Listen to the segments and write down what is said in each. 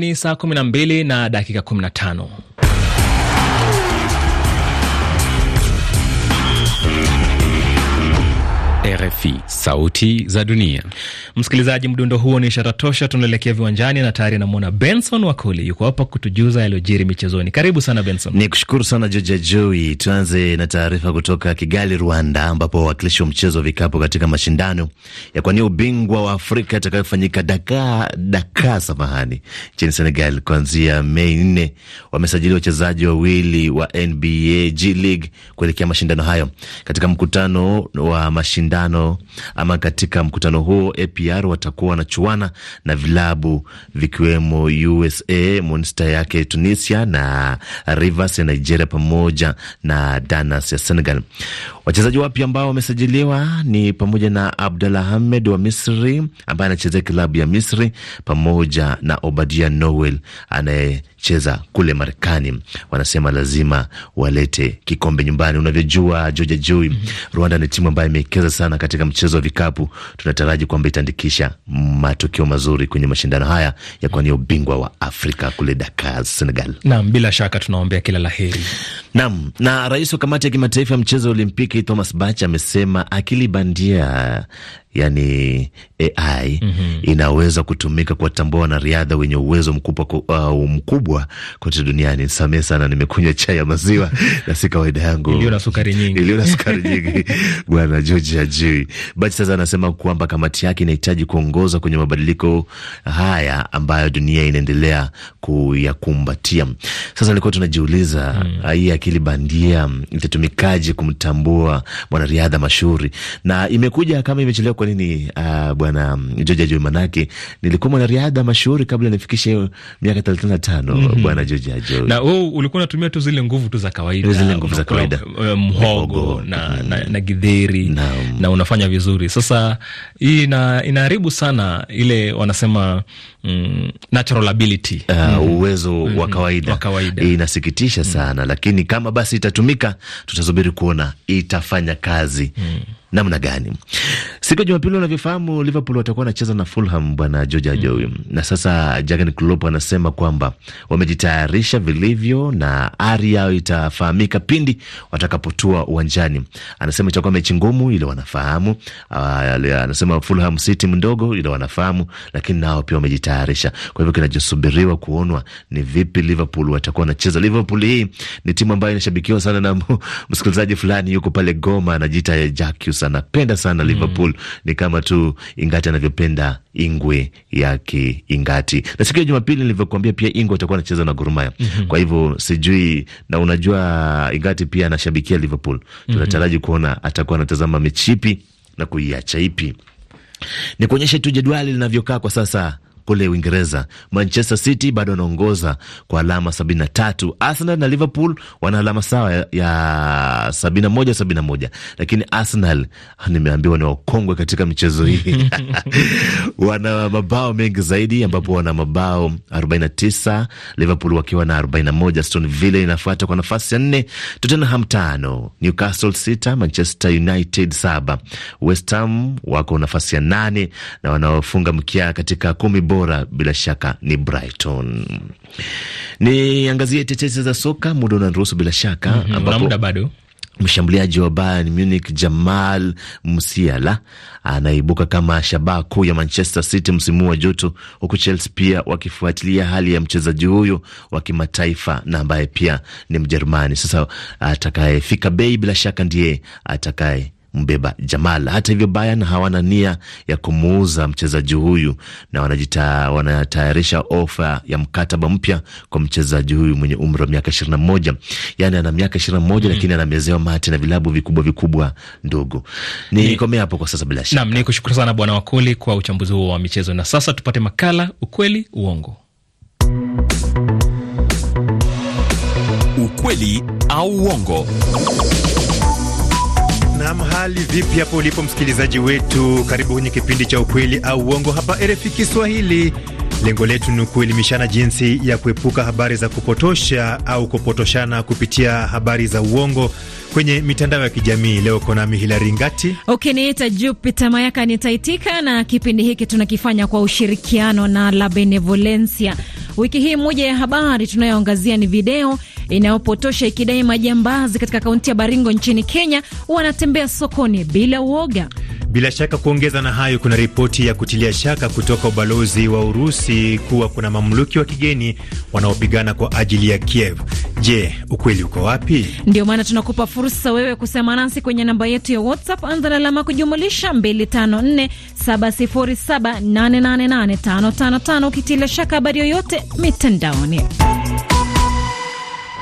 Ni saa 12 na dakika 15. RFI, sauti za dunia. Msikilizaji, mdundo huo ni ishara tosha, tunaelekea viwanjani na tayari namwona Benson Wakoli yuko hapa kutujuza yaliyojiri michezoni. Karibu sana Benson. Ni kushukuru sana Joja Joi. Tuanze na taarifa kutoka Kigali, Rwanda, ambapo wawakilishi wa mchezo wa vikapu katika mashindano ya kuwania ubingwa wa Afrika yatakayofanyika Dakar, Dakar samahani, nchini Senegal kuanzia Mei nne wamesajili wachezaji wawili wa NBA G League kuelekea mashindano hayo. Katika mkutano wa mashindano mashindano ama katika mkutano huo, APR watakuwa wanachuana na vilabu vikiwemo USA Monster yake Tunisia na Rivers ya Nigeria pamoja na Danas ya Senegal. Wachezaji wapya ambao wamesajiliwa ni pamoja na Abdallah Ahmed wa Misri ambaye anachezea klabu ya Misri pamoja na Obadia Noel anaye kucheza kule Marekani. Wanasema lazima walete kikombe nyumbani. Unavyojua Joja Joy, mm -hmm. Rwanda ni timu ambayo imeekeza sana katika mchezo wa vikapu. Tunataraji kwamba itaandikisha matokeo mazuri kwenye mashindano haya ya kuwania ubingwa wa Afrika kule Dakar, Senegal. Naam, bila shaka tunaombea kila la heri. Naam, na rais wa kamati ya kimataifa ya mchezo wa Olimpiki Thomas Bach amesema akili bandia yani AI mm -hmm. inaweza kutumika kuwatambua wanariadha wenye uwezo mkubwa, uh, mkubwa kote duniani. Nisamehe sana, nimekunywa chai ya maziwa na si kawaida yangu iliyo na sukari nyingi, iliyo na sukari nyingi bwana George ajui basi. Sasa anasema kwamba kamati yake inahitaji kuongoza kwenye mabadiliko haya ambayo dunia inaendelea kuyakumbatia. Sasa alikuwa tunajiuliza mm. hii akili bandia itatumikaje kumtambua mwanariadha mashuhuri, na imekuja kama imechelewa kwa nini uh, bwana mm, Joja Joy? Manake nilikuwa mwanariadha mashuhuri kabla nifikishe miaka thelathini na tano. mm -hmm. Bwana Joja Joy, na wewe ulikuwa unatumia tu zile nguvu tu za kawaida, zile nguvu za kawaida, eh, mhogo na, mm -hmm. na, na githeri na, um... na unafanya vizuri. Sasa hii ina, inaharibu sana ile wanasema mm, natural ability uh, mm -hmm. uwezo mm -hmm. wa mhm. kawaida wa kawaida. Inasikitisha mhm. sana mm -hmm. lakini kama basi itatumika, tutasubiri kuona itafanya kazi mm -hmm. namna gani. Siku ya Jumapili, unavyofahamu, Liverpool watakuwa wanacheza na Fulham, bwana George Ajowi mm. na sasa Jurgen Klopp anasema kwamba wamejitayarisha vilivyo na ari yao itafahamika pindi watakapotua uwanjani. Anasema itakuwa mechi ngumu, ile wanafahamu. Ah, anasema Fulham si timu ndogo, ile wanafahamu, lakini nao pia wamejitayarisha. Kwa hivyo kinachosubiriwa kuonwa ni vipi Liverpool watakuwa wanacheza. Liverpool hii ni timu ambayo inashabikiwa sana na msikilizaji fulani yuko pale Goma, anajiita Jacques, anapenda sana mm. Liverpool ni kama tu Ingati anavyopenda Ingwe yake Ingati. Na siku ya Jumapili nilivyokuambia, pia Ingwe atakuwa anacheza na gurumaya mm -hmm. Kwa hivyo sijui, na unajua Ingati pia anashabikia Liverpool mm -hmm. Tunataraji kuona atakuwa anatazama mechi ipi na kuiacha ipi. Ni kuonyesha tu jedwali linavyokaa kwa sasa kule Uingereza. Manchester City bado wanaongoza kwa alama 73. Arsenal na Liverpool wana alama sawa ya 71 71, lakini Arsenal ah, nimeambiwa ni wakongwe katika michezo hii wana mabao mengi zaidi, ambapo wana mabao 49, Liverpool wakiwa na 41. Stone Villa inafuata kwa nafasi ya nne, Tottenham tano, Newcastle sita, Manchester United saba, West Ham wako nafasi ya nane na wanaofunga mkia katika kumi bora bila shaka ni Brighton. Niangazie tetesi za soka, muda unaruhusu bila shaka mm -hmm, ambapo bado mshambuliaji wa Bayern Munich Jamal Musiala anaibuka kama shabaha kuu ya Manchester City msimu wa joto, huku Chelsea pia wakifuatilia hali ya mchezaji huyo wa kimataifa na ambaye pia ni Mjerumani. Sasa atakayefika bei bila shaka ndiye atakaye mbeba Jamal. Hata hivyo, Bayern hawana nia ya kumuuza mchezaji huyu na wanajita, wanatayarisha ofa ya mkataba mpya kwa mchezaji huyu mwenye umri wa miaka ishirini moja. Yani ana miaka ishirini na moja, hmm. lakini anamezewa mate na vilabu vikubwa vikubwa. Ndugu, nikomea hapo kwa sasa. Bila shaka nam ni kushukuru sana Bwana Wakoli kwa uchambuzi huo wa michezo, na sasa tupate makala Ukweli Uongo. Ukweli au Uongo. Nam, hali vipi hapo ulipo msikilizaji wetu? Karibu kwenye kipindi cha ukweli au uongo hapa RFI Kiswahili. Lengo letu ni kuelimishana jinsi ya kuepuka habari za kupotosha au kupotoshana kupitia habari za uongo kwenye mitandao ya kijamii. Leo konami Hilari Ngati ukinita okay, Jupita Mayaka nitaitika, na kipindi hiki tunakifanya kwa ushirikiano na La Benevolencia. Wiki hii moja ya habari tunayoangazia ni video inayopotosha ikidai majambazi katika kaunti ya Baringo nchini Kenya wanatembea sokoni bila uoga. Bila shaka kuongeza na hayo, kuna ripoti ya kutilia shaka kutoka ubalozi wa Urusi kuwa kuna mamluki wa kigeni wanaopigana kwa ajili ya Kiev. Je, ukweli uko wapi? Ndio maana tunakupa fursa wewe kusema nasi kwenye namba yetu ya WhatsApp, anza na alama kujumulisha 254707888555 ukitilia shaka habari yoyote mitandaoni.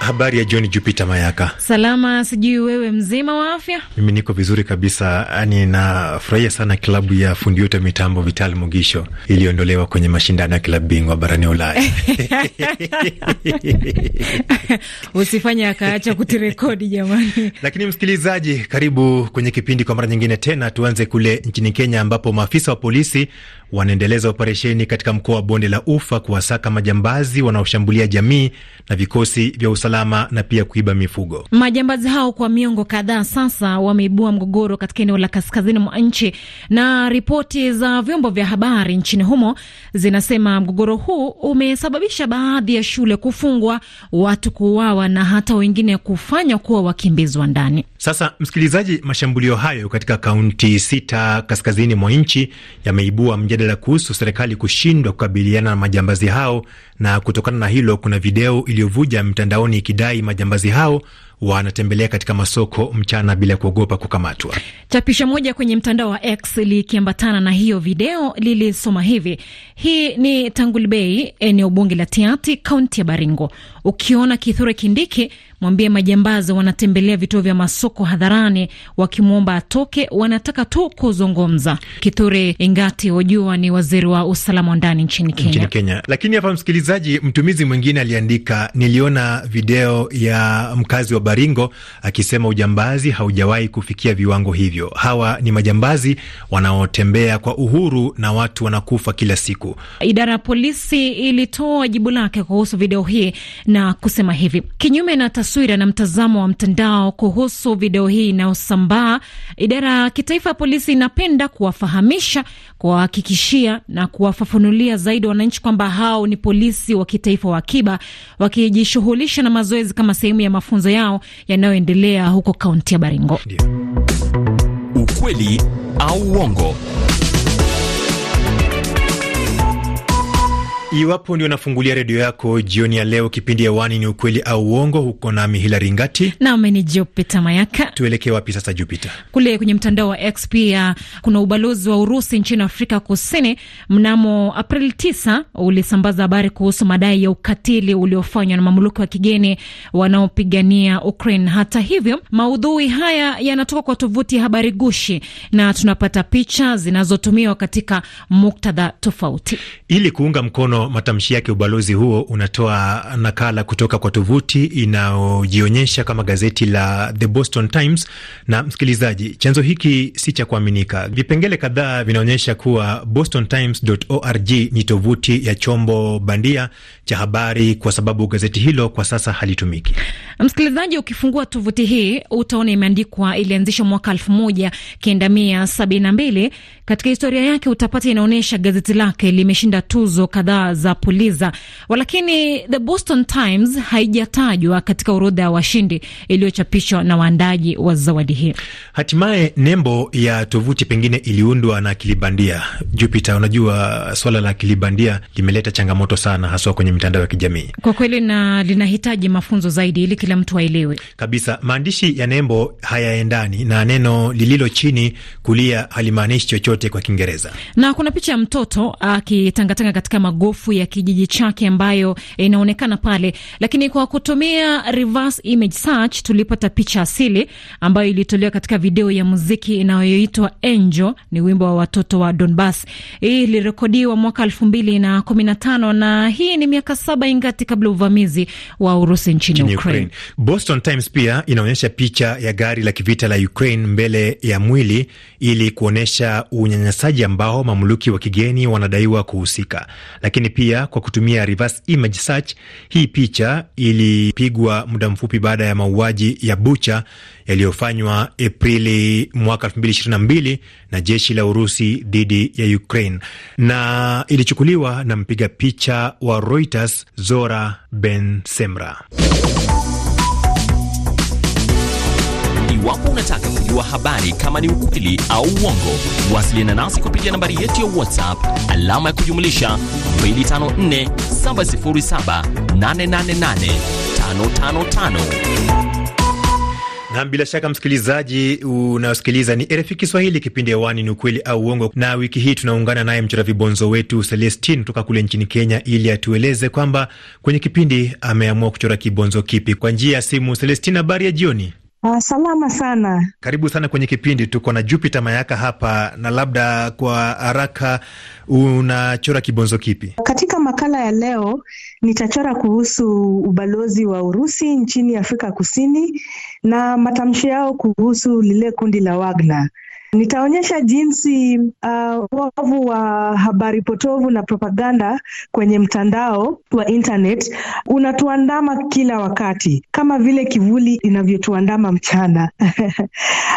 Habari ya John Jupiter Mayaka. Salama, sijui wewe mzima wa afya? Mimi niko vizuri kabisa, ninafurahia nafurahia sana klabu ya fundi yote mitambo Vital Mugisho iliyoondolewa kwenye mashindano ya klabu bingwa barani Ulaya. Usifanye akaacha kutirekodi jamani. Lakini msikilizaji, karibu kwenye kipindi kwa mara nyingine tena. Tuanze kule nchini Kenya ambapo maafisa wa polisi wanaendeleza operesheni katika mkoa wa Bonde la Ufa kuwasaka majambazi wanaoshambulia jamii na vikosi vya usalama usalama na pia kuiba mifugo. Majambazi hao kwa miongo kadhaa sasa wameibua mgogoro katika eneo la kaskazini mwa nchi, na ripoti za vyombo vya habari nchini humo zinasema mgogoro huu umesababisha baadhi ya shule kufungwa, watu kuuawa na hata wengine kufanywa kuwa wakimbizwa ndani. Sasa msikilizaji, mashambulio hayo katika kaunti sita kaskazini mwa nchi yameibua mjadala kuhusu serikali kushindwa kukabiliana na majambazi hao, na kutokana na hilo kuna video iliyovuja mtandaoni ikidai majambazi hao wanatembelea katika masoko mchana bila kuogopa kukamatwa. Chapisho moja kwenye mtandao wa X likiambatana na hiyo video lilisoma hivi: hii ni Tangul Bei, eneo bunge la Tiati, kaunti ya Baringo. Ukiona Kithure Kindiki mwambie majambazi wanatembelea vituo vya masoko hadharani wakimwomba atoke, wanataka tu kuzungumza. Kithure Ingati wajua ni waziri wa usalama wa ndani nchini Kenya, nchini Kenya. Lakini hapa msikilizaji, mtumizi mwingine aliandika, niliona video ya mkazi wa Baringo akisema ujambazi haujawahi kufikia viwango hivyo. Hawa ni majambazi wanaotembea kwa uhuru na watu wanakufa kila siku. Idara ya polisi ilitoa jibu lake kuhusu video hii na kusema hivi: kinyume na taswira na mtazamo wa mtandao kuhusu video hii inayosambaa, idara ya kitaifa ya polisi inapenda kuwafahamisha, kuwahakikishia na kuwafafanulia zaidi wananchi kwamba hao ni polisi wa kitaifa wa akiba wakijishughulisha na mazoezi kama sehemu ya mafunzo yao yanayoendelea huko kaunti ya Baringo. Ukweli au uongo? Iwapo ndio nafungulia redio yako jioni ya leo, kipindi wani ni ukweli au uongo, huko nami Hilari Ngati nami ni Jupita Mayaka. Tuelekee wapi sasa Jupita? Kule kwenye mtandao wa X pia kuna ubalozi wa Urusi nchini Afrika Kusini mnamo Aprili 9 ulisambaza habari kuhusu madai ya ukatili uliofanywa na mamluki wa kigeni wanaopigania Ukraine. Hata hivyo, maudhui haya yanatoka kwa tovuti ya habari gushi na tunapata picha zinazotumiwa katika muktadha tofauti ili kuunga mkono matamshi yake. Ubalozi huo unatoa nakala kutoka kwa tovuti inayojionyesha kama gazeti la The Boston Times. Na msikilizaji, chanzo hiki si cha kuaminika. Vipengele kadhaa vinaonyesha kuwa bostontimes.org ni tovuti ya chombo bandia cha habari, kwa sababu gazeti hilo kwa sasa halitumiki. Msikilizaji, ukifungua tovuti hii utaona imeandikwa ilianzishwa mwaka elfu moja kenda mia sabini na mbili. Katika historia yake utapata inaonyesha gazeti lake limeshinda tuzo kadhaa za Puliza, walakini The Boston Times haijatajwa katika orodha ya washindi iliyochapishwa na waandaji wa zawadi hii. Hatimaye nembo ya tovuti pengine iliundwa na kilibandia bandia Jupiter. Unajua, swala la kilibandia limeleta changamoto sana, haswa kwenye mitandao ya kijamii kwa kweli, na linahitaji mafunzo zaidi ili kila mtu aelewe kabisa. Maandishi ya nembo hayaendani na neno lililo chini kulia halimaanishi chochote kwa Kiingereza. Na kuna picha ya mtoto akitangatanga katika magofu ya kijiji chake ambayo inaonekana pale, lakini kwa kutumia reverse image search tulipata picha asili ambayo ilitolewa katika video ya muziki inayoitwa Angel, ni wimbo wa watoto wa Donbas. Hii ilirekodiwa mwaka elfu mbili na kumi na tano na hii ni miaka saba ingati kabla uvamizi wa Urusi nchini Ukraine. Ukraine. Boston Times pia inaonyesha picha ya gari la kivita la Ukraine mbele ya mwili ili kuonyesha unyanyasaji ambao mamluki wa kigeni wanadaiwa kuhusika. Lakini pia kwa kutumia reverse image search, hii picha ilipigwa muda mfupi baada ya mauaji ya Bucha yaliyofanywa Aprili mwaka 2022 na jeshi la Urusi dhidi ya Ukraine na ilichukuliwa na mpiga picha wa Reuters Zora Ben Semra. Iwapo unataka kujua habari kama ni ukweli au uongo, wasiliana nasi kupitia nambari yetu ya WhatsApp alama ya kujumlisha 254 707 888 555 na bila shaka msikilizaji, unaosikiliza ni RFI Kiswahili, kipindi hewani ni ukweli au uongo, na wiki hii tunaungana naye mchora vibonzo wetu Celestin kutoka kule nchini Kenya ili atueleze kwamba kwenye kipindi ameamua kuchora kibonzo kipi kwa njia ya simu. Celestine, habari ya jioni? Uh, salama sana. Karibu sana kwenye kipindi. Tuko na Jupiter Mayaka hapa, na labda kwa haraka, unachora kibonzo kipi katika makala ya leo? Nitachora kuhusu ubalozi wa Urusi nchini Afrika Kusini na matamshi yao kuhusu lile kundi la Wagner. Nitaonyesha jinsi uh, wavu wa habari potovu na propaganda kwenye mtandao wa internet unatuandama kila wakati kama vile kivuli inavyotuandama mchana.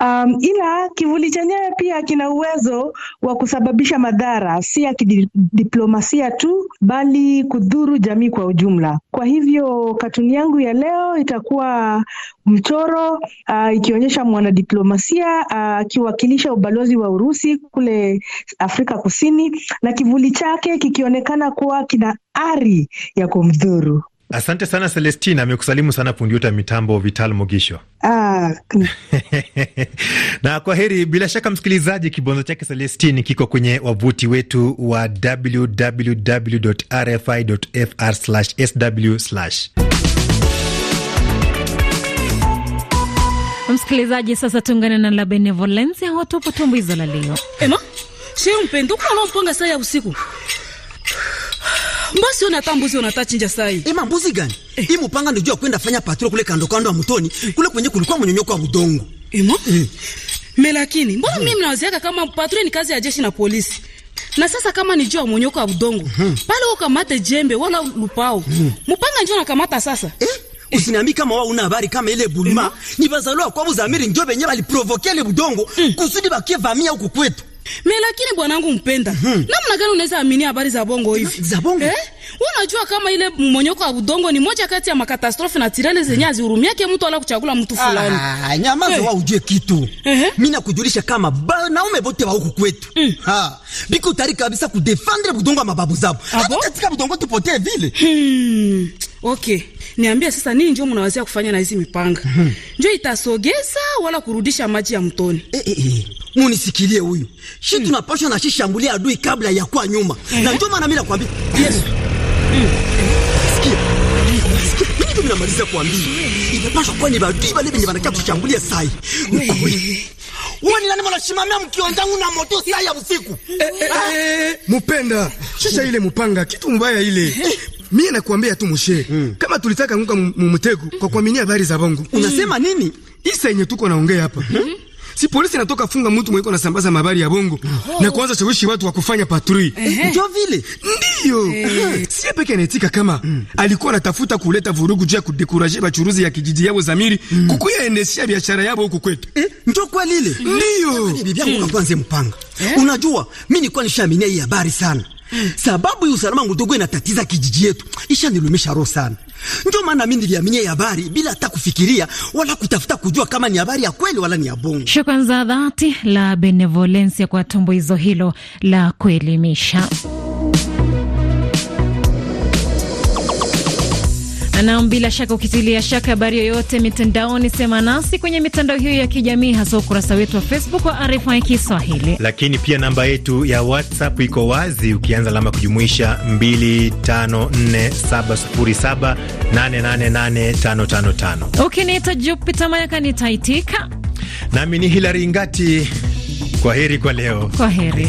Um, ila kivuli chenyewe pia kina uwezo wa kusababisha madhara, si ya kidiplomasia tu, bali kudhuru jamii kwa ujumla. Kwa hivyo katuni yangu ya leo itakuwa mchoro uh, ikionyesha mwanadiplomasia uh, akiwakilisha uh, kuanzisha ubalozi wa Urusi kule Afrika Kusini, na kivuli chake kikionekana kuwa kina ari ya kumdhuru. Asante sana Celestina, amekusalimu sana pundiuta mitambo Vital Mogisho. Ah, na kwa heri. Bila shaka msikilizaji, kibonzo chake Celestin kiko kwenye wavuti wetu wa www.rfi.fr/sw Msikilizaji, sasa tuungane na la Benevolencia watupo tumbuizo la leo. Ema sheu mpendo kuna unaoponga saa ya usiku mbasi ona hata mbuzi ona unatachinja sai. Ema mbuzi gani? Eh. Hii mupanga ndio jua kwenda fanya patrol kule kando kando wa mutoni, kule kwenye kulikuwa mnyonyoko wa mudongo. Ema? Mm. Melakini, mbona mimi mnawaziaka hmm. kama patrol ni kazi ya jeshi na polisi? Na sasa kama ni jua mnyonyoko wa udongo, mm -hmm. Pale ukamate jembe wala lupao. Mm -hmm. Mupanga njoo nakamata sasa. Eh? usiniambi kama wao una habari kama ile bulima Bulma mm-hmm. ni bazaliwa kwa Buzamiri ndio benye provoke ile budongo mm. kusudi bakie vamia huku kwetu. Me lakini bwanangu mpenda. Mm -hmm. Namna gani unaweza amini habari za bongo hivi? Za bongo? Eh? Unajua kama ile mmonyoko wa udongo ni moja kati ya makatastrofi na tirele zenye mm azihurumia ke mtu ala kuchagula mtu fulani. Ah, nyamaza hey. Eh. Wa ujue kitu. Eh? Mimi nakujulisha kama wanaume bote wa huku kwetu. Mm. Ha. Biko tari kabisa kudefendre budongo mababu zabo. Hata katika budongo tupotee vile. Hmm. Okay niambia sasa, nini ndio mnawazia kufanya na hizi mipanga? mm -hmm. Ndio itasogeza wala kurudisha maji ya mtoni? eh, eh, eh. Munisikilie huyu shi mm. Tunapaswa na shishambulia adui kabla ya kuwa nyuma mm na ndio maana mimi nakwambia Yesu hmm. eh. namaliza kuambia inapaswa kuwa ni badui bale venye vanakia kushambulia sai eh. uwe ni nani mnashimamia mkiondangu na moto sai ya usiku ah. mupenda shisha hmm. ile mupanga kitu mbaya ile mimi nakwambia tu mshe mm. kama tulitaka nguka mumtego kwa kuaminia habari za bongo mm. unasema nini? Isa yenye tuko naongea hapa mm -hmm. Si polisi natoka funga mtu mweko nasambaza mabari ya bongo oh. na kuanza shawishi watu wa kufanya patrui ndio vile ndio eh. si peke anaetika kama mm. alikuwa anatafuta kuleta vurugu juu ya kudekuraje bachuruzi ya kijiji yao zamiri mm. kukuya kukuyaendeshia biashara yao huku kwetu eh, ndio kwa lile ndio bibi yangu hmm. kwanza mpanga eh? Unajua mimi nilikuwa nishaaminia hii habari sana sababu ya usalama mdogo inatatiza kijiji yetu, ishanilumisha roho sana. Ndio maana mimi niliaminia habari bila hata kufikiria wala kutafuta kujua kama ni habari ya kweli wala ni ya bongo. Shukrani za dhati la benevolensia kwa tumbuizo hilo la kuelimisha. Nam, bila shaka ukitilia shaka habari yoyote mitandaoni, sema nasi kwenye mitandao hiyo ya kijamii, hasa ukurasa wetu wa Facebook wa RFI Kiswahili. Lakini pia namba yetu ya WhatsApp iko wazi, ukianza alama kujumuisha 254707888555. Ukiniita Jupita Mayaka nitaitika, nami ni Hilari Ngati. Kwa heri kwa leo, kwa heri.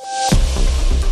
you